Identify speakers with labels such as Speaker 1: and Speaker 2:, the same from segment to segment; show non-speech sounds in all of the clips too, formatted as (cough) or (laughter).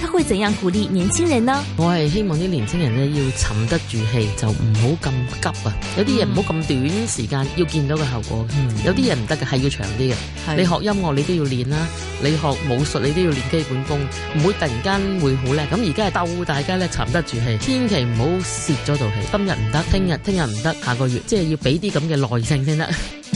Speaker 1: 他會怎樣鼓勵年輕人呢？我係希望啲年輕人咧要沉得住氣，就唔好咁急啊！有啲嘢唔好咁短時間要見到個效果，嗯、有啲嘢唔得嘅係要長啲嘅。你學音樂你都要練啦，啊，你學武術你都要練基本功，唔會突然間會好叻。咁而家係逗大家咧沉得住氣，千祈唔好泄咗道氣。今日唔得，聽日聽日唔得，下個月即係，就是、要俾啲咁嘅耐性先得。 (laughs)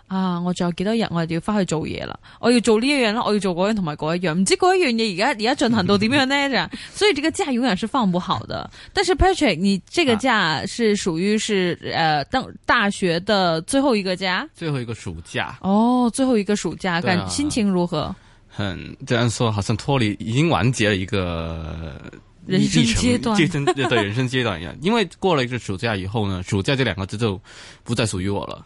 Speaker 2: 啊！我仲有幾多日，我就要翻去做嘢啦。我要做呢一樣啦，我要做嗰樣同埋嗰一樣。唔知嗰一樣嘢而家而家進行到點樣呢？這樣，所以這個假永遠是放唔好的。但是 Patrick，你這個假是屬於是、啊、呃當大學的最後一個假，
Speaker 3: 最後一個暑假。
Speaker 2: 哦，最後一個暑假，啊、感覺心情如何？
Speaker 3: 很，這樣說好像脱離已經完結了一個
Speaker 2: 人生階段， (laughs) 對人
Speaker 3: 生階段一樣。因為過了一個暑假以後呢，暑假這兩個字就不再屬於我了。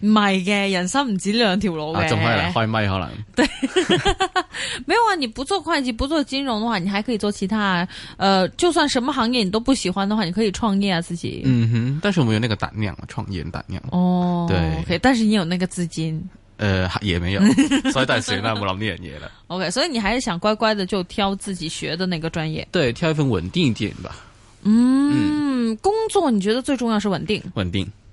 Speaker 2: 唔係嘅，人生唔止兩條路嘅、欸。開麥啦，開
Speaker 3: 麥可能。對，
Speaker 2: (laughs) (laughs) 沒有啊。你不做會計，不做金融的話，你還可以做其他。呃，就算什麼行業你都不喜歡的話，你可以創業啊自己。嗯
Speaker 3: 哼，但是我們有那個膽量啊，創業膽量。哦，對
Speaker 2: ，OK，但是你有那個資金。
Speaker 3: 呃，也沒有，所以但是唔好諗呢樣嘢了
Speaker 2: OK，所以你還是想乖乖的就挑自己學的那個專業。
Speaker 3: 對，挑一份穩定一點吧嗯。
Speaker 2: 嗯，工作你覺得最重要是穩定？穩定。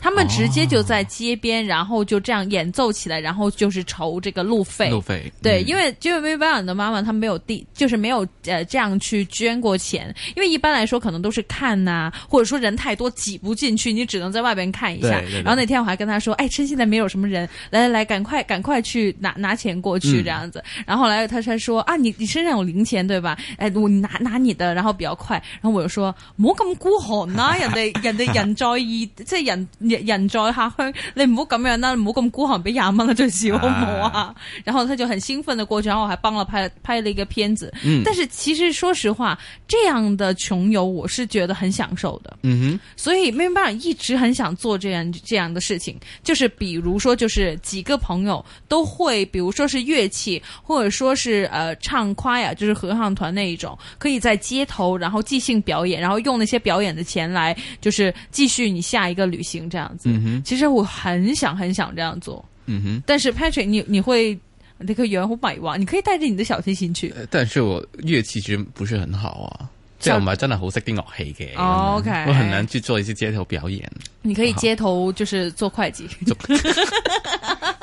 Speaker 2: 他們直接就在街邊、哦，然後就這樣演奏起來，然後就是籌這個路費。路
Speaker 4: 費對、嗯，
Speaker 2: 因為因為薇薇安的媽媽她沒有地，就是沒有呃這樣去捐過錢。因為一般來說可能都是看呐、啊，或者說人太多擠不進去，你只能在外邊看一下。然後那天我還跟他說，哎，趁現在沒有什麼人，來來來，趕快趕快去拿拿錢過去這樣子。嗯、然後後來他才說啊，你你身上有零錢對吧？哎，我拿拿你的，然後比較快。然後我就說，唔好咁孤寒啊，人哋人哋人在意，即係人。演 (laughs) 人在客鄉，你唔好咁樣啦，唔好咁孤寒，俾廿蚊我最少都冇啊！然後他就很興奮的過去，然後我還幫了拍拍了一個片子。嗯，但是其實說實話，這樣的窮遊我是覺得很享受的。嗯哼，所以沒辦法一直很想做這樣這樣的事情。就是比如說，就是幾個朋友都會，比如說是樂器，或者說是呃唱夸呀，就是合唱團那一種，可以在街頭然後即興表演，然後用那些表演的錢來，就是繼續你下一個旅行。這樣。這樣子，嗯哼，其實我很想很想這樣做，嗯哼。但是 Patrick，你你會那個圓舞板一你可以帶着你的小提琴去。
Speaker 3: 但是我樂器其實不是很好啊，即係我唔係真係好識啲樂器嘅、哦。OK，我很難去做一些街頭表演。
Speaker 2: 你可以街頭就是做會計、
Speaker 3: 啊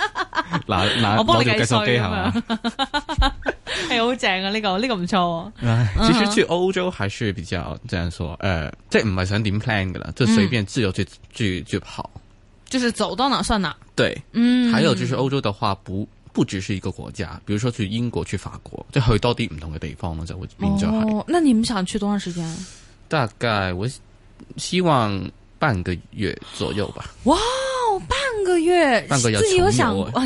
Speaker 3: (laughs) (laughs) (laughs) 拿。 (laughs) 我幫你計數機係嘛。 (laughs)
Speaker 2: 係、 (laughs) hey, 好正啊！呢、這個呢、這個唔錯、啊。其實去
Speaker 3: 歐洲還是比較，這樣說，uh -huh. 呃即係唔係想點 plan 噶啦，就隨便自由去、嗯、去去跑，
Speaker 2: 就是走到哪算哪。
Speaker 3: 對，嗯。還有就是歐洲的話不，不不只是一個國家，比如說去英國、去法國，就去多啲唔同嘅地方就在歐洲
Speaker 2: 哦，那你們想去多長時間？
Speaker 3: 大概我希望半個月左右吧。
Speaker 2: 哇、wow,，半個月，半個月自己有想過
Speaker 3: (laughs)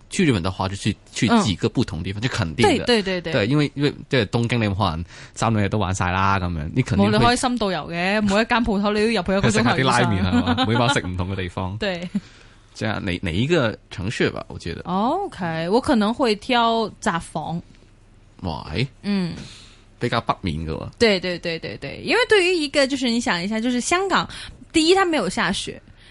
Speaker 3: 去日本的話就去去幾個不同地方，嗯、就肯定的對，對對對對，因為因為即係東京你可能三兩日都玩晒啦咁樣，你肯定無論開心
Speaker 2: 深度遊嘅，每一間鋪頭你都要入去一個鋪頭食下啲拉麵係嘛，每晚食唔
Speaker 3: 同嘅地方。對，即係哪哪一個城市吧，我覺得。
Speaker 2: OK，我可能會挑札幌。
Speaker 3: w、欸、嗯，比較北面嘅。對，
Speaker 2: 對對對對對，因為對於一個，就是你想一下，就是香港第一，它沒有下雪。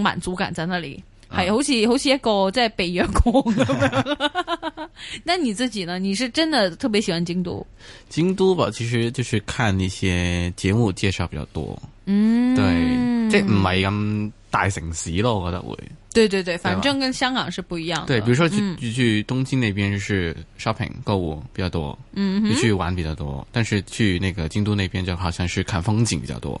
Speaker 2: 滿足感在那裏，好似、嗯、好似一個即係被約過咁樣。 (laughs) (laughs) (laughs) 那你自己呢？你是真的特別喜歡京都？
Speaker 3: 京都吧，其實就是看那些節目介紹比較多。嗯，
Speaker 2: 對，即唔
Speaker 3: 係咁大城市咯，我覺得會。對
Speaker 2: 對對，對，反正跟香港是不一樣對。對，比如說
Speaker 3: 去、嗯、去東京那邊就是 shopping 購物比較多，嗯，去玩比較多，但是去那個京都那邊就好像是看風景比較多。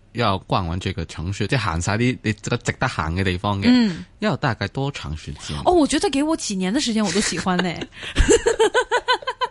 Speaker 3: 要逛完這個城市，即係行晒啲你值得值得行嘅地方嘅，嗯，要大概多長時間？
Speaker 2: 哦，我覺得給我幾年的時間我都喜歡呢。 (laughs) (laughs)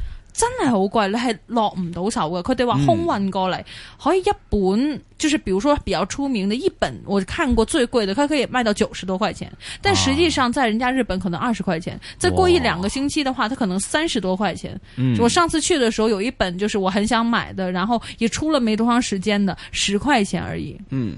Speaker 2: 真係好貴，你係落唔到手嘅。佢哋話空運過嚟，可以一、嗯嗯、本，就是比如說比較出名嘅一本，我看過最貴嘅，佢可以賣到九十多塊錢。但實際上，在人家日本可能二十塊錢，啊、再過一兩個星期嘅話，佢可能三十多塊錢。嗯嗯，我上次去嘅時候，有一本就是我很想買的，然後也出了沒多長時間的十塊錢而已。嗯。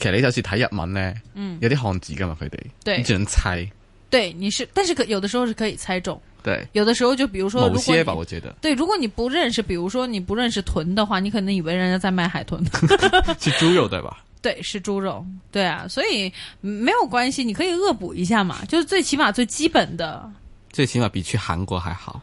Speaker 3: 其實你有時睇日文呢，嗯，有啲漢字噶嘛佢哋，你只能猜。
Speaker 2: 對，你是，但是可有的時候是可以猜中。對，有的時候就比如說如，某些吧，我覺得。對，如果你不認識，比如說你不認識豚的話，你可能以為人家在賣海豚。
Speaker 3: (laughs) (laughs) 是豬肉對吧？
Speaker 2: 對，是豬肉。對啊，所以沒有關係，你可以惡補一下嘛。就是最起碼最基本的。
Speaker 3: 最起碼比去韓國還好。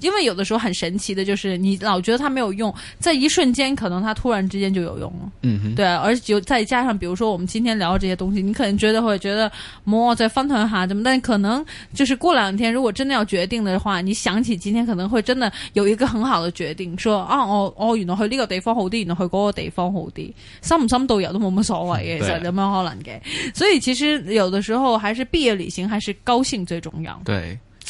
Speaker 2: 因為有的時候很神奇的，就是你老覺得它沒有用，在一瞬間可能它突然之間就有用了。嗯，對、啊，而就再加上，比如說我們今天聊的這些東西，你可能覺得會覺得，摸、嗯、在翻團哈怎麼？但可能就是過兩天，如果真的要決定的話，你想起今天可能會真的有一個很好的決定，說啊，我我原來去呢個地方好啲，原來去嗰個地方好啲，深唔深度遊都冇乜所謂嘅，其實有咩可能嘅。所以其實有的時候還是畢業旅行還是高興最重要。
Speaker 3: 對。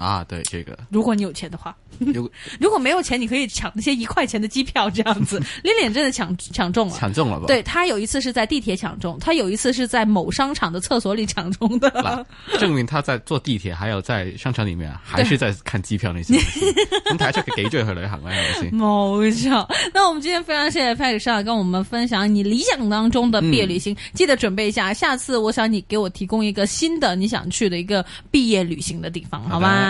Speaker 3: 啊，對這個，
Speaker 2: 如果你有錢的話，
Speaker 3: 如
Speaker 2: 如果沒有錢，你可以搶那些一塊錢的機票這樣子。l 臉真的搶搶中了，
Speaker 3: 搶中了吧？對，他
Speaker 2: 有一次是在地鐵搶中，他有一次是在某商場的廁所裏搶中的，
Speaker 3: 證明他在坐地鐵還有在商場裏面還是在看機票那些，咁睇得出佢給中意去旅行了係
Speaker 2: 咪錯。那我們今天非常謝謝派克 t 跟我們分享你理想當中的畢業旅行，嗯，記得準備一下，下次我想你給我提供一個新的你想去的一個畢業旅行的地方，嗯，好吧？嗯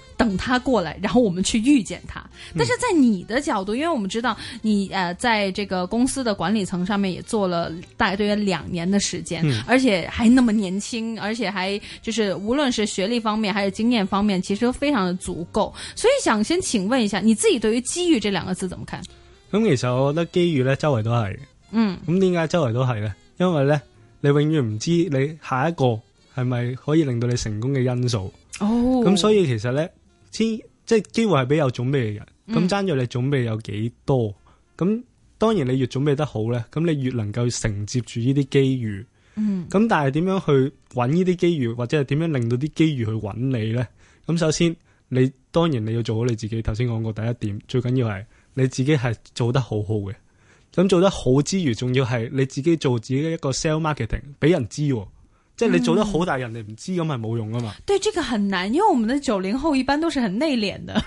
Speaker 2: 等他過來，然後我們去遇見他。但是在你的角度，嗯、因為我們知道你呃，在這個公司的管理層上面也做了大約兩年的時間、嗯，而且還那麼年輕，而且還就是無論是學歷方面還是經驗方面，其實都非常的足夠。所以想先請問一下，你自己對於機遇這兩個字怎麼看？
Speaker 5: 咁其實我覺得機遇呢，周圍都係。
Speaker 4: 嗯。
Speaker 5: 咁點解周圍都係呢？因為呢，你永遠唔知你下一個係咪可以令到你成功嘅因素。
Speaker 4: 哦。咁所
Speaker 5: 以其實呢。先即係機會係俾有準備嘅人，咁爭咗你準備有幾多？咁當然你越準備得好咧，咁你越能夠承接住呢啲機遇。嗯，咁但係點樣去搵呢啲機遇，或者係點樣令到啲機遇去搵你咧？咁首先你當然你要做好你自己，頭先講過第一點，最緊要係你自己係做得好好嘅。咁做得好之餘，仲要係你自己做自己嘅一個 sell marketing，俾人知。即係你做得好大，嗯、人哋唔知咁係冇用㗎嘛。
Speaker 2: 對，這個很難，因為我們的九零後一般都是很內斂的。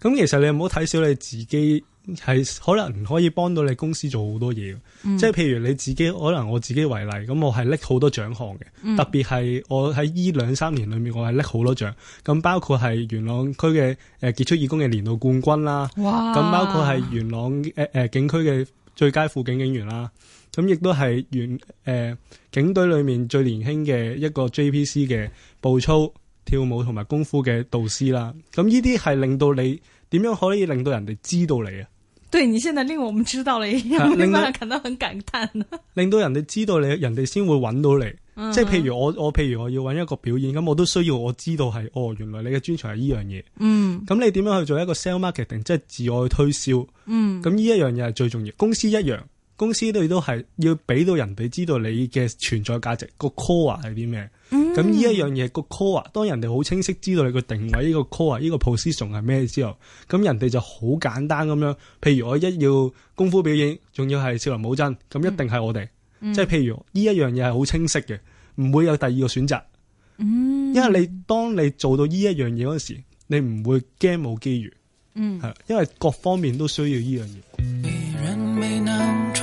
Speaker 5: 咁 (laughs) 其實你唔好睇小你自己，係可能可以幫到你公司做好多嘢。即係譬如你自己，可能我自己為例，咁我係拎好多獎項嘅，特別係我喺呢兩三年裏面，我係拎好多獎。咁包括係元朗區嘅誒傑出義工嘅年度冠軍啦，咁包括係元朗誒誒、呃呃、警區嘅最佳輔警警員啦。咁亦都係原誒、呃、警隊裏面最年輕嘅一個 JPC 嘅步操、跳舞同埋功夫嘅導師啦。咁呢啲係令到你點樣可以令到人哋知道你
Speaker 2: 啊？對，你現在令我們知道了，一樣、啊、令我感到很感嘆。
Speaker 5: 令到人哋知道你，人哋先會揾到你。 (laughs) 即係譬如我，我譬如我要揾一個表演，咁我都需要我知道係哦，原來你嘅專才係呢樣嘢。嗯。咁你點樣去做一個 sell marketing，即係自我推銷？嗯。咁呢一樣嘢係最重要。公司一樣。公司都亦都係要俾到人哋知道你嘅存在價值，個 core 係啲咩？咁呢一樣嘢個 core，當人哋好清晰知道你個定位呢、呢個 core，呢、呢個 position 係咩之後，咁人哋就好簡單咁樣。譬如我一要功夫表演，仲要係少林武僧，咁一定係我哋。即、嗯、係、就是、譬如呢一、嗯、樣嘢係好清晰嘅，唔會有第二個選擇。嗯，
Speaker 4: 因為你
Speaker 5: 當你做到呢一樣嘢嗰時，你唔會驚冇機遇。
Speaker 4: 嗯，
Speaker 5: 係因為各方面都需要呢樣嘢。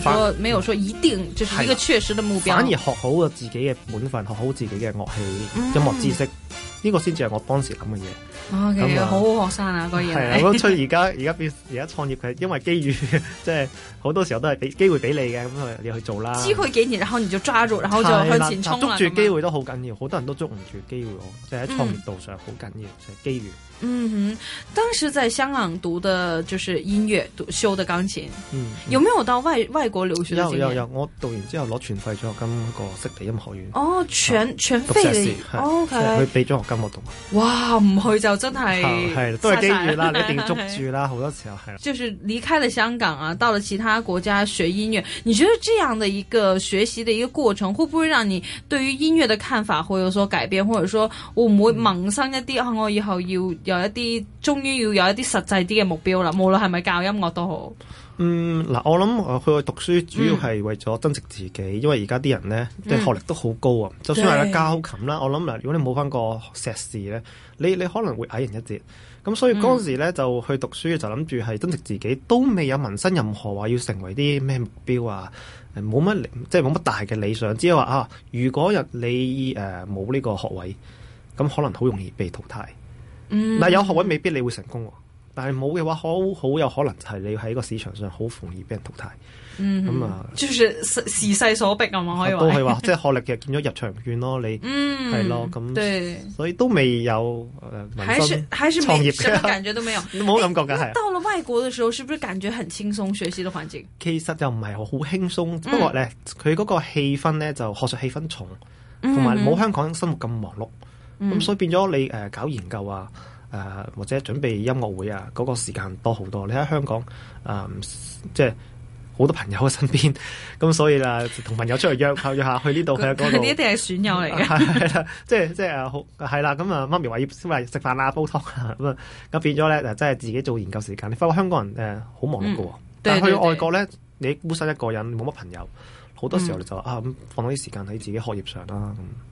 Speaker 2: 說沒有說一定就是一個確實的目標，反而
Speaker 6: 學好咗自己嘅本分，學好自己嘅樂器、嗯、音樂知識，呢、這個先至係我當時諗嘅嘢。哦、okay，好好
Speaker 2: 學生啊，那個嘢係啊，咁出
Speaker 6: 而家而家變而家創業，佢因為機遇，即係好多時候都係俾機會俾你嘅，咁你去做啦。機會
Speaker 2: 俾你，然後你就抓住，然後就向前衝。捉住機
Speaker 6: 會都好緊要，好多人都捉唔住機會，就喺、是、創業道上好緊要，就係機遇。
Speaker 2: 嗯哼，當時在香港讀的就是音樂，讀修的鋼琴嗯。嗯，有沒有到外外國留學的經驗？有有
Speaker 6: 有，我讀完之後攞全費獎學金個悉尼音樂學院。
Speaker 2: 哦，全、啊、全費的、哦、，OK。去
Speaker 6: 俾獎學金我讀。
Speaker 2: 哇，唔去就真係，係 (laughs) 都係機遇啦，你一定要捉住
Speaker 6: 啦，好 (laughs) 多時候係。啊，就
Speaker 2: 是離開了香港啊，到了其他國家學音樂，你覺得這樣的一個學習的一個過程，會不會讓你對於音樂的看法會有所改變？或者說我，我唔會萌生一啲，行，我以後要。有一啲，終於要有一啲實際啲嘅目標啦。無論係咪教音樂都好，
Speaker 6: 嗯嗱。我諗佢、呃、去讀書主要係為咗增值自己，嗯、因為而家啲人咧，啲、嗯、學歷都好高啊、嗯。就算係咧，教琴啦，我諗如果你冇翻個碩士咧，你你可能會矮人一截咁。所以嗰時咧、嗯、就去讀書，就諗住係增值自己，都未有紋身任何話要成為啲咩目標啊，冇乜即係冇乜大嘅理想，只係話啊，如果若你誒冇呢個學位，咁可能好容易被淘汰。嗱、嗯、有學位未必你會成功，但係冇嘅話，好好有可能就係你喺個市場上好容易俾人淘汰。咁、嗯嗯、啊，
Speaker 2: 就是時勢所逼啊嘛，可以話都係話，即
Speaker 6: (laughs) 係學歷其實變咗入場券咯。你係咯，咁、嗯、所以都未有誒，算算創業嘅感覺都沒有，冇感覺㗎係。到
Speaker 2: 了外國的時候，是不是感覺很輕鬆？學習的環境
Speaker 6: 其實就唔係好輕鬆，不過咧佢嗰個氣氛咧就學術氣氛重，同埋冇香港生活咁忙碌。嗯嗯咁、嗯、所以變咗你誒、呃、搞研究啊，誒、呃、或者準備音樂會啊，嗰、那個時間多好多。你喺香港誒、呃，即係好多朋友喺身邊，咁所以啦，同朋友出嚟約下約下 (laughs) 去呢這度裡 (laughs) 去嗰那度裡。你啲一
Speaker 2: 定係損友嚟
Speaker 6: 嘅、 (laughs) 啊，即係即係好係啦，咁啊、嗯、媽咪話要食飯啊、煲湯啊咁啊，咁 (laughs) 變咗咧就真係自己做研究時間。你發覺香港人誒好、呃、忙碌㗎喎、嗯，但係去外國咧，你孤身一個人冇乜朋友，好多時候你就、嗯、啊放多啲時間喺自己學業上啦咁。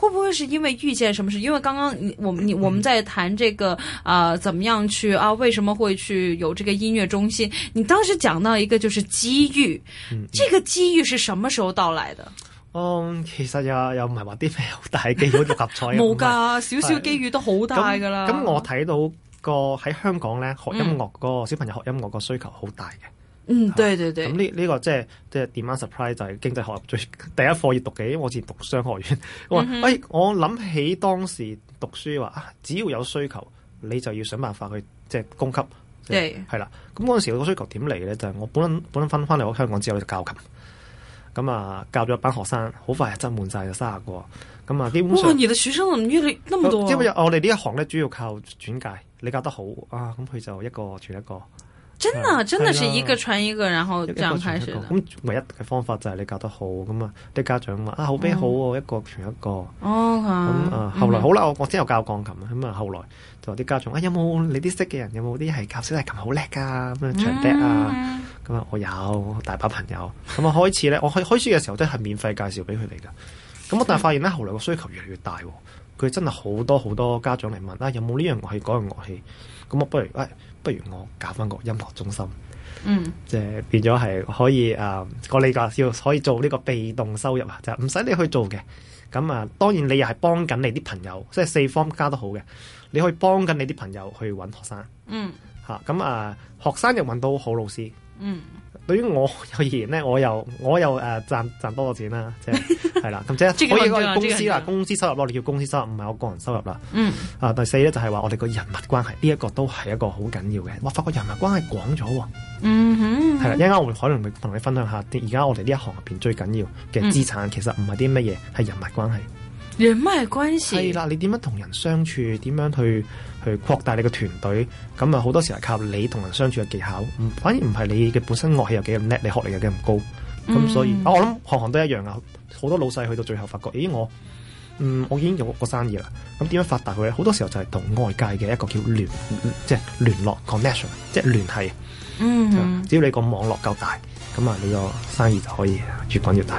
Speaker 2: 會不會是因為遇見什麼事？因為剛剛你我們你我們在談這個啊、嗯呃，怎麼樣去啊？為什麼會去有這個音樂中心？你當時講到一個就是機遇，嗯、這個機遇是什麼時候到來的？
Speaker 6: 嗯，其實又又唔係話啲咩好大機會六合彩 (laughs) 沒有的啊，冇噶，少少機
Speaker 2: 遇都好大噶啦。咁、嗯、我
Speaker 6: 睇到個喺香港咧學音樂個小朋友學音樂個需求好大嘅。嗯，對對對咁呢呢個即係即係 demand supply 就係經濟學最第一課要讀嘅，因為我之前讀商學院。嗯哎、我我諗起當時讀書話，只要有需求，你就要想辦法去即係、就是、供給。係。係啦，咁嗰陣時個需求點嚟咧？就係、是、我本諗本諗翻翻嚟我香港之後就教琴。咁、嗯、啊，教咗一班學生，好快就擠滿晒，就三十個。咁、嗯、啊，基本上。哇，你嘅
Speaker 2: 學生怎麼越多？因為、
Speaker 6: 啊、我哋呢一行咧，主要靠轉介。你教得好啊，咁佢就一個傳一個。真係，真係係一個
Speaker 2: 傳一個，然後這樣
Speaker 6: 開始。咁唯一嘅方法就係你教得好咁啊！啲家長話啊好咩好哦，一個傳一個。哦，咁啊，後來好啦，我我先有教鋼琴咁啊後來就話啲家長啊有冇你啲識嘅人，有冇啲係教小提琴好叻噶咁啊長笛啊咁啊我有大把朋友。咁啊開始咧，我開開始嘅時候都係免費介紹俾佢哋噶。咁我但係發現咧，後來個需求越嚟越大，佢真係好多好多家長嚟問啊，有冇呢樣樂器嗰樣樂器？咁我不如誒。哎不如我搞翻個音樂中心，嗯，即、呃、係變咗係可以誒，我理解要可以做呢個被動收入啊，就唔、是、使你去做嘅。咁、嗯、啊，當然你又係幫緊你啲朋友，即係四方加得好家都好嘅，你可以幫緊你啲朋友去搵學生，嗯，吓咁啊、嗯，學生又搵到好老師，嗯。對於我而言咧，我又我又誒賺賺多咗錢啦，即係係啦，咁即係我依個公司啦， (laughs) 公司收入咯，我哋 (laughs) 叫公司收入，唔係我個人收入啦、
Speaker 4: 嗯。
Speaker 6: 啊，第四咧就係話我哋、這個人脈關係呢一個都係一個好緊要嘅。哇，發覺人脈關係廣咗喎。嗯哼，嗯
Speaker 4: 哼。係啦，一陣
Speaker 6: 間我會可能會同你分享下，而家我哋呢一行入邊最緊要嘅資產，其實唔係啲乜嘢，係、嗯、人脈關係。人脈關係。係啦，你點樣同人相處？點樣去？去擴大你嘅團隊，咁啊好多時候靠你同人相處嘅技巧，反而唔係你嘅本身樂器有幾咁叻，你學歷有幾咁高，咁所以，嗯、我諗行行都一樣啊！好多老細去到最後發覺，咦我，嗯我已經有個生意啦，咁點樣發達佢咧？好多時候就係同外界嘅一個叫聯，即係聯絡 connection，即係聯繫。嗯。只要你個網絡夠大，咁啊你個生意就可以越滾越大。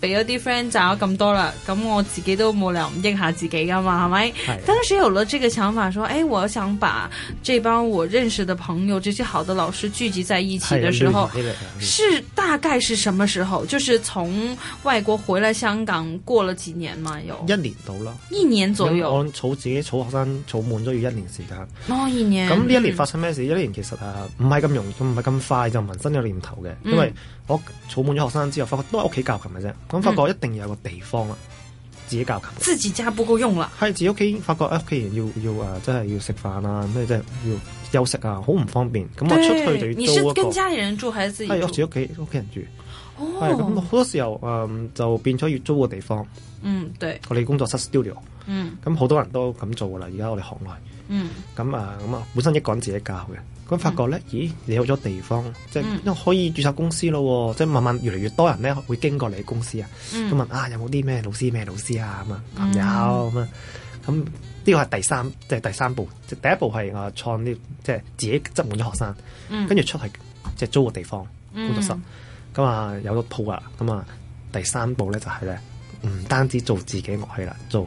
Speaker 2: 俾咗啲 friend 賺咗咁多啦，咁我自己都冇理由唔益下自己噶嘛，係咪？當時有咗呢個想法，說，誒、哎，我想把這班我認識嘅朋友，這些好嘅老師聚集在一起嘅時候是的，是大概是什麼時候？就是從外國回來香港過咗幾年嘛，有
Speaker 6: 一年到啦，一年左右。我按儲自己儲學生儲滿咗要一年時間，
Speaker 1: 哦，一年。咁呢一年發
Speaker 6: 生咩事、嗯？一年其實誒唔係咁容易，唔係咁快就萌、是、生呢個念頭嘅、嗯，因為。我儲滿咗學生之後，發覺都係屋企教琴嘅啫。咁發覺一定要有個地方啦，自己教琴、嗯。自己家不夠用了，係自己屋企。發覺誒，屋企人要要誒、呃，真係要食飯啊，咩、就、真、是、要休息啊，好唔方便。咁我出去就要租一個。你是跟家裏
Speaker 2: 人住還是自己？係我自己
Speaker 6: 屋企屋企人住。係、哦、咁，好多時候誒、呃，就變咗要租個地方。嗯，對。我哋工作室 studio。咁、嗯、好多人都咁做噶啦。而家我哋行內，咁、嗯、啊，咁啊、呃，本身一個人自己教嘅，咁發覺咧、嗯，咦，你有咗地方，即係、嗯、可以註冊公司咯，即係慢慢越嚟越多人咧會經過你公司啊。咁、嗯、問啊，有冇啲咩老師咩老師啊？咁啊，朋友咁啊，咁呢個係第三，即、就、係、是、第三步，即係第一步係創啲即係自己執滿咗學生，跟、嗯、住出去即係租個地方工作室，咁、嗯、啊有咗鋪啊，咁啊第三步咧就係咧唔單止做自己樂器啦，做。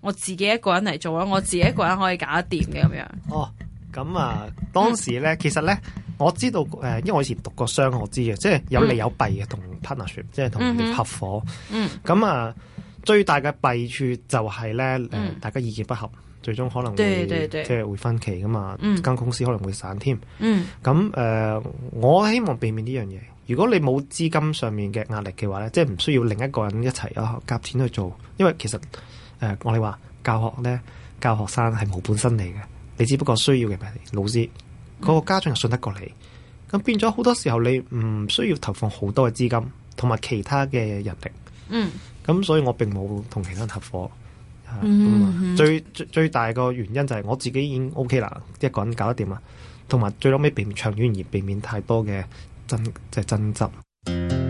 Speaker 2: 我自己一個人嚟做啊，我自己一個人可以搞得掂嘅咁樣
Speaker 6: 哦。咁啊，當時咧，其實咧，我知道誒、呃，因為我以前讀過商，我知嘅，即係有利有弊嘅。同 partnership 即係同人哋合伙，嗯，咁、嗯嗯嗯、啊，最大嘅弊處就係、是、咧，誒、呃，大家意見不合，嗯、最終可能會即係會分歧噶嘛。間、嗯、公司可能會散添，嗯。咁誒、啊，我希望避免呢樣嘢。如果你冇資金上面嘅壓力嘅話咧，即係唔需要另一個人一齊啊夾錢去做，因為其實。誒、呃，我哋話教學咧，教學生係冇本身嚟嘅，你只不過需要嘅老師，嗰、那個家長又信得過你，咁變咗好多時候你唔需要投放好多嘅資金同埋其他嘅人力。嗯。咁所以我並冇同其他人合伙、啊啊嗯。最最，最大個原因就係我自己已經 OK 啦，一個人搞得掂啦，同埋最落尾避免長遠而避免太多嘅爭即係爭執。就是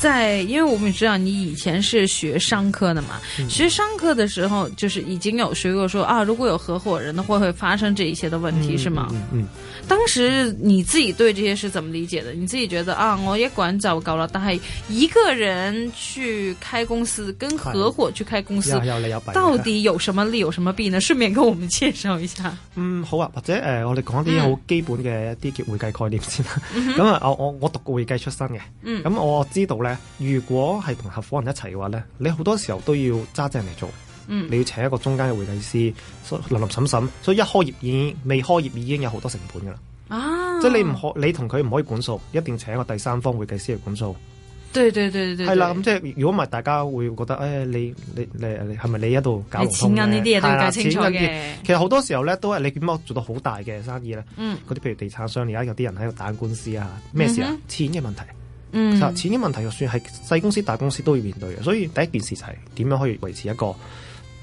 Speaker 2: 在，因為我們知道你以前是學商科的嘛，嗯、學商科的時候就是已經有學過說啊，如果有合夥人的話，會，會發生這一些的問題、嗯、是嗎嗯？嗯，當時你自己對這些是怎麼理解的？你自己覺得啊，我也管早搞了，但係一個人去開公司，跟合夥去開公司有利有弊，到底有什麼利，有什麼弊呢？順便跟我們介紹一下。嗯，
Speaker 6: 好啊，或者誒、呃，我哋講啲好基本嘅一啲叫會計概念先啦。咁、嗯、啊， (laughs) 我我我讀過會計出身嘅，咁、嗯、我知道呢如果係同合夥人一齊嘅話咧，你好多時候都要揸正嚟做，嗯，你要請一個中間嘅會計師，所以林林沈沈，所以一開業已經未開業已經有好多成本噶啦，
Speaker 4: 啊，即係你唔可，
Speaker 6: 你同佢唔可以管數，一定請一個第三方會計師嚟管數。
Speaker 4: 對對對對
Speaker 2: 對，對，係啦，咁
Speaker 6: 即係如果唔係，大家會覺得誒，哎，你你你係咪你喺度搞的你錢啊？呢啲嘢,都比較清楚嘅。其實好多時候咧，都係你點樣做到好大嘅生意咧？嗰，嗯、啲譬如地產商，而家有啲人喺度打官司啊，咩事啊？嗯、錢嘅問題。嗯，其實錢嘅問題，就算係細公司、大公司都要面對嘅。所以第一件事就係點樣可以維持一個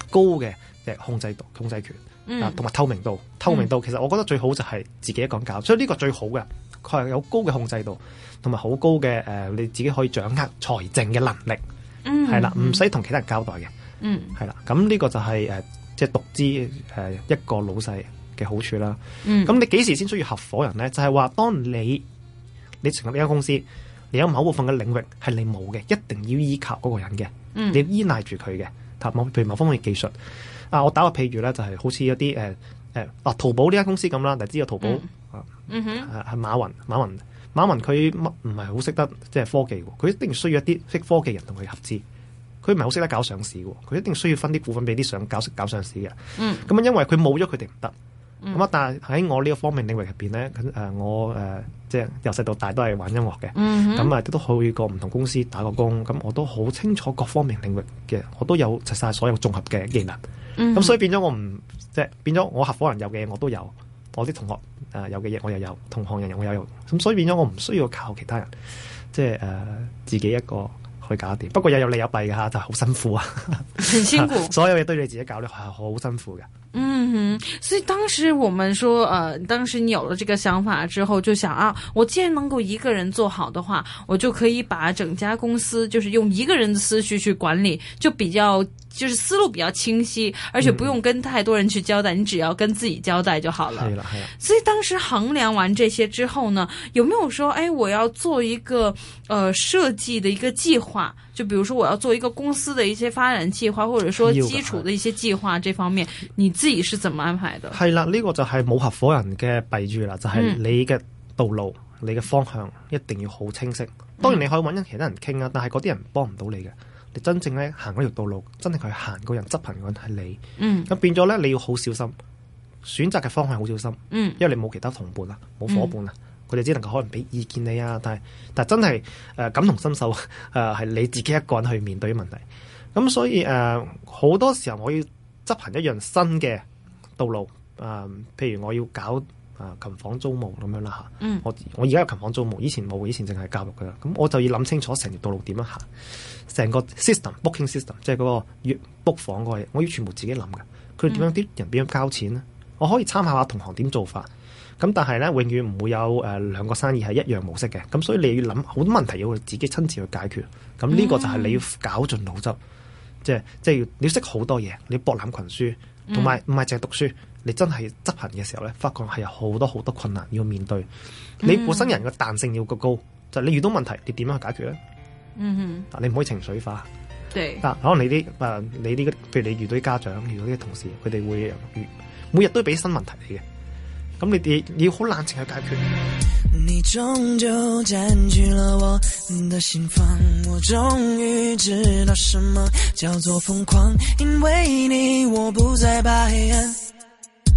Speaker 6: 高嘅即控制度、控制權、嗯、啊，同埋透明度。透明度其實我覺得最好就係自己一個人搞，嗯、所以呢個最好嘅佢係有高嘅控制度，同埋好高嘅誒、呃，你自己可以掌握財政嘅能力。嗯，
Speaker 4: 係啦，唔使
Speaker 6: 同其他人交代嘅。嗯，係啦，咁呢個就係誒即係獨資誒一個老細嘅好處啦。咁、嗯、你幾時先需要合伙人咧？就係、是、話當你你成立一間公司。你有某部分嘅領域係你冇嘅，一定要依靠嗰個人嘅，你要依賴住佢嘅。譬如某方面技術，啊，我打個譬如咧，就係好似有啲誒啊，淘寶呢間公司咁啦，大家知有淘寶、嗯、啊，嗯係、啊、馬雲，馬雲，佢乜唔係好識得即係科技喎，佢一定需要一啲識科技人同佢合資，佢唔係好識得搞上市喎，佢一定需要分啲股份俾啲想搞搞上市嘅，咁、嗯、啊，因為佢冇咗佢哋唔得。咁、嗯、啊！但係喺我呢個方面領域入邊咧，咁、呃、誒，我誒、呃，即係由細到大都係玩音樂嘅，咁、嗯、啊，都去過唔同公司打過工，咁我都好清楚各方面領域嘅，我都有齊晒所有綜合嘅技能。咁、嗯、所以變咗我唔即係變咗我合夥人有嘅嘢我都有，我啲同學誒、呃、有嘅嘢我又有，同行人我又有，咁所以變咗我唔需要靠其他人，即係誒、呃、自己一個。可以搞掂，不過又有利有弊嘅吓，就好辛苦啊，很辛苦，辛苦 (laughs) 所有嘢都你自己搞，你係好辛苦嘅。嗯
Speaker 2: 哼，所以當時我們說，誒、呃，當時你有了這個想法之後，就想啊，我既然能夠一個人做好的話，我就可以把整家公司，就是用一個人的思緒去管理，就比較。就是思路比較清晰，而且不用跟太多人去交代，嗯、你只要跟自己交代就好了。所以當時衡量完這些之後呢，有沒有說，哎，我要做一個呃設計的一個計劃？就比如說我要做一個公司的一些發展計劃，或者說基礎的一些計劃這方面，你自己是怎麼安排的？係
Speaker 6: 啦，呢、這個就係冇合伙人嘅弊處啦，就係、是、你嘅道路、嗯、你嘅方向一定要好清晰。當然你可以揾其他人傾啊，嗯、但係嗰啲人幫唔到你嘅。你真正咧行嗰條道路，真正去行嗰人執行嘅人係你。嗯，咁變咗咧，你要好小心，選擇嘅方向好小心。嗯，因為你冇其他同伴啦，冇伙伴啦，嗯、佢哋只能夠可能俾意見你啊。但係但係真係誒感同身受誒，係你自己一個人去面對啲問題。咁所以誒好多時候我要執行一樣新嘅道路啊，譬如我要搞。啊！琴房租務咁樣啦、嗯、我我而家有琴房租務，以前冇，以前淨係教育噶啦。咁我就要諗清楚成條道路點樣行，成個 system booking system，即係嗰個預 book 房嗰嘢，我要全部自己諗㗎。佢點樣啲、嗯、人點樣交錢咧？我可以參考下同行點做法。咁但係咧，永遠唔會有誒、呃、兩個生意係一樣模式嘅。咁所以你要諗好多問題，要自己親自去解決。咁呢個就係你要搞盡腦汁，即係即係要你識好多嘢，你要你要博覽群書，同埋唔係淨係讀書。你真係執行嘅時候咧，發覺係有好多好多困難要面對。你本身人嘅彈性要夠高，嗯、就係、你遇到問題，你點樣去解決咧？
Speaker 4: 嗱、
Speaker 6: 嗯，你唔可以情緒化。嗱，可能你啲誒、呃，你啲，譬如你遇到啲家長，遇到啲同事，佢哋會，每日都俾新問題你嘅。咁你哋要好
Speaker 7: 冷靜去解決。你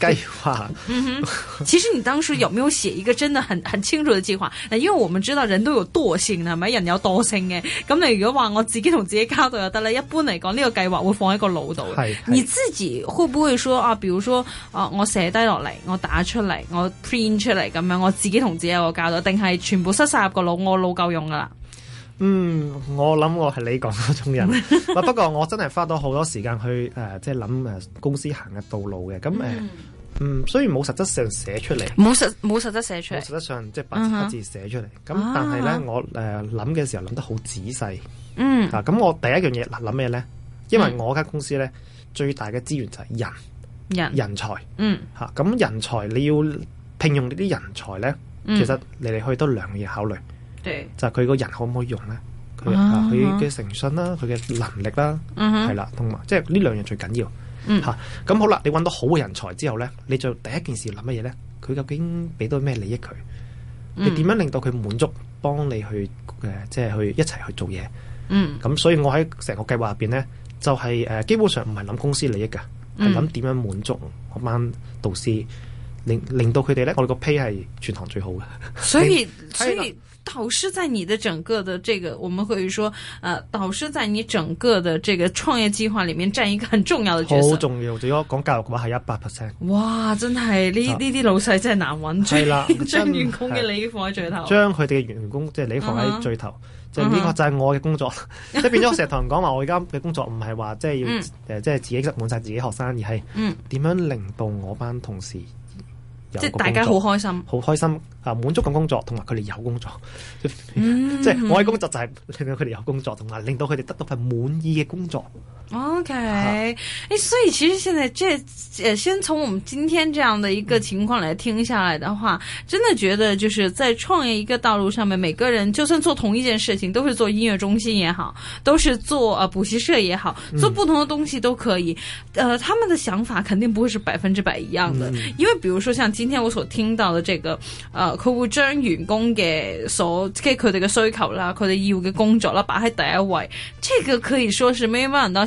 Speaker 2: 計劃、 (laughs) 嗯，其實你當時有沒有寫一個真的很很清楚的計劃？因為我們知道人都有惰性嘅，係咪？人有惰性嘅。咁你如果話我自己同自己交代就得咧，一般嚟講呢個計劃會放喺個腦度，你而自己會唔會說啊？比如說啊，我寫低落嚟，我打出嚟，我 print 出嚟咁樣，我自己同自己有個交代，定係全部塞晒入個腦，我腦夠用噶啦。
Speaker 6: 嗯，我諗我係你講嗰種人， (laughs) 不過我真係花咗好多時間去誒，即係諗誒公司行嘅道路嘅，咁誒、嗯，嗯，雖然冇實質上寫出嚟，冇
Speaker 2: 實冇實質寫出嚟，冇
Speaker 6: 實質上即係八字寫出嚟，咁、嗯、但係咧、啊、我誒諗嘅時候諗得好仔細，嗯，咁、啊、我第一樣嘢嗱諗咩咧？因為我間公司咧、嗯、最大嘅資源就係人，
Speaker 4: 人，人
Speaker 6: 才，嗯、吓、啊、咁人才你要聘用呢啲人才咧、嗯，其實嚟嚟去去都兩樣考慮。是就係佢個人可唔可以用咧？佢佢嘅誠信啦、啊，佢、啊、嘅能力啦、啊，係、嗯、啦，同埋即係呢兩樣最緊要嚇。咁、嗯啊、好啦，你揾到好嘅人才之後咧，你就第一件事諗乜嘢咧？佢究竟俾到咩利益佢、嗯？你點樣令到佢滿足，幫你去誒，即、呃、係、就是、去一齊去做嘢？咁、嗯、所以我喺成個計劃入邊咧，就係、是、誒、呃、基本上唔係諗公司利益嘅，係諗點樣滿足我班導師，令令到佢哋咧，我哋個 pay 係全行最好嘅。所以， (laughs)
Speaker 2: 所以.。 (laughs) 導師在你的整個的這個，我們可以說，呃，導師在你整個的這個創業計劃裏面，佔一個很重要的角色。好
Speaker 6: 重要，如果講教育嘅話係一百 percent。
Speaker 2: 哇，真係呢呢啲老細真係難揾。住。啦、啊，將的員工嘅利益放喺最頭，將
Speaker 6: 佢哋嘅員工即係你放喺最頭，就呢、是啊就是、個就係我嘅工作。即、啊、係 (laughs) 變咗，我成日同人講話，我而家嘅工作唔係話即係要誒，即 (laughs) 係、嗯呃就是、自己滿晒自己學生，而係點、嗯、樣領導我班同事。即係大家好開心，好開心啊，滿足緊工作，同埋佢哋有工作。即係我嘅工作就係令到佢哋有工作，同埋令到佢哋得到份滿意嘅工作。
Speaker 2: OK，哎，所以其實現在這呃，先從我們今天這樣的一個情況來聽下來的話，嗯，真的覺得就是在創業一個道路上面，每個人就算做同一件事情，都是做音樂中心也好，都是做呃補習社也好，做不同的東西都可以，嗯。呃，他們的想法肯定不會是百分之百一樣的，嗯，因為比如說像今天我所聽到的這個呃，客戶真，員工所給所即係佢哋嘅需求啦，佢哋要嘅工作啦擺喺第一位，這個可以說是沒有辦法。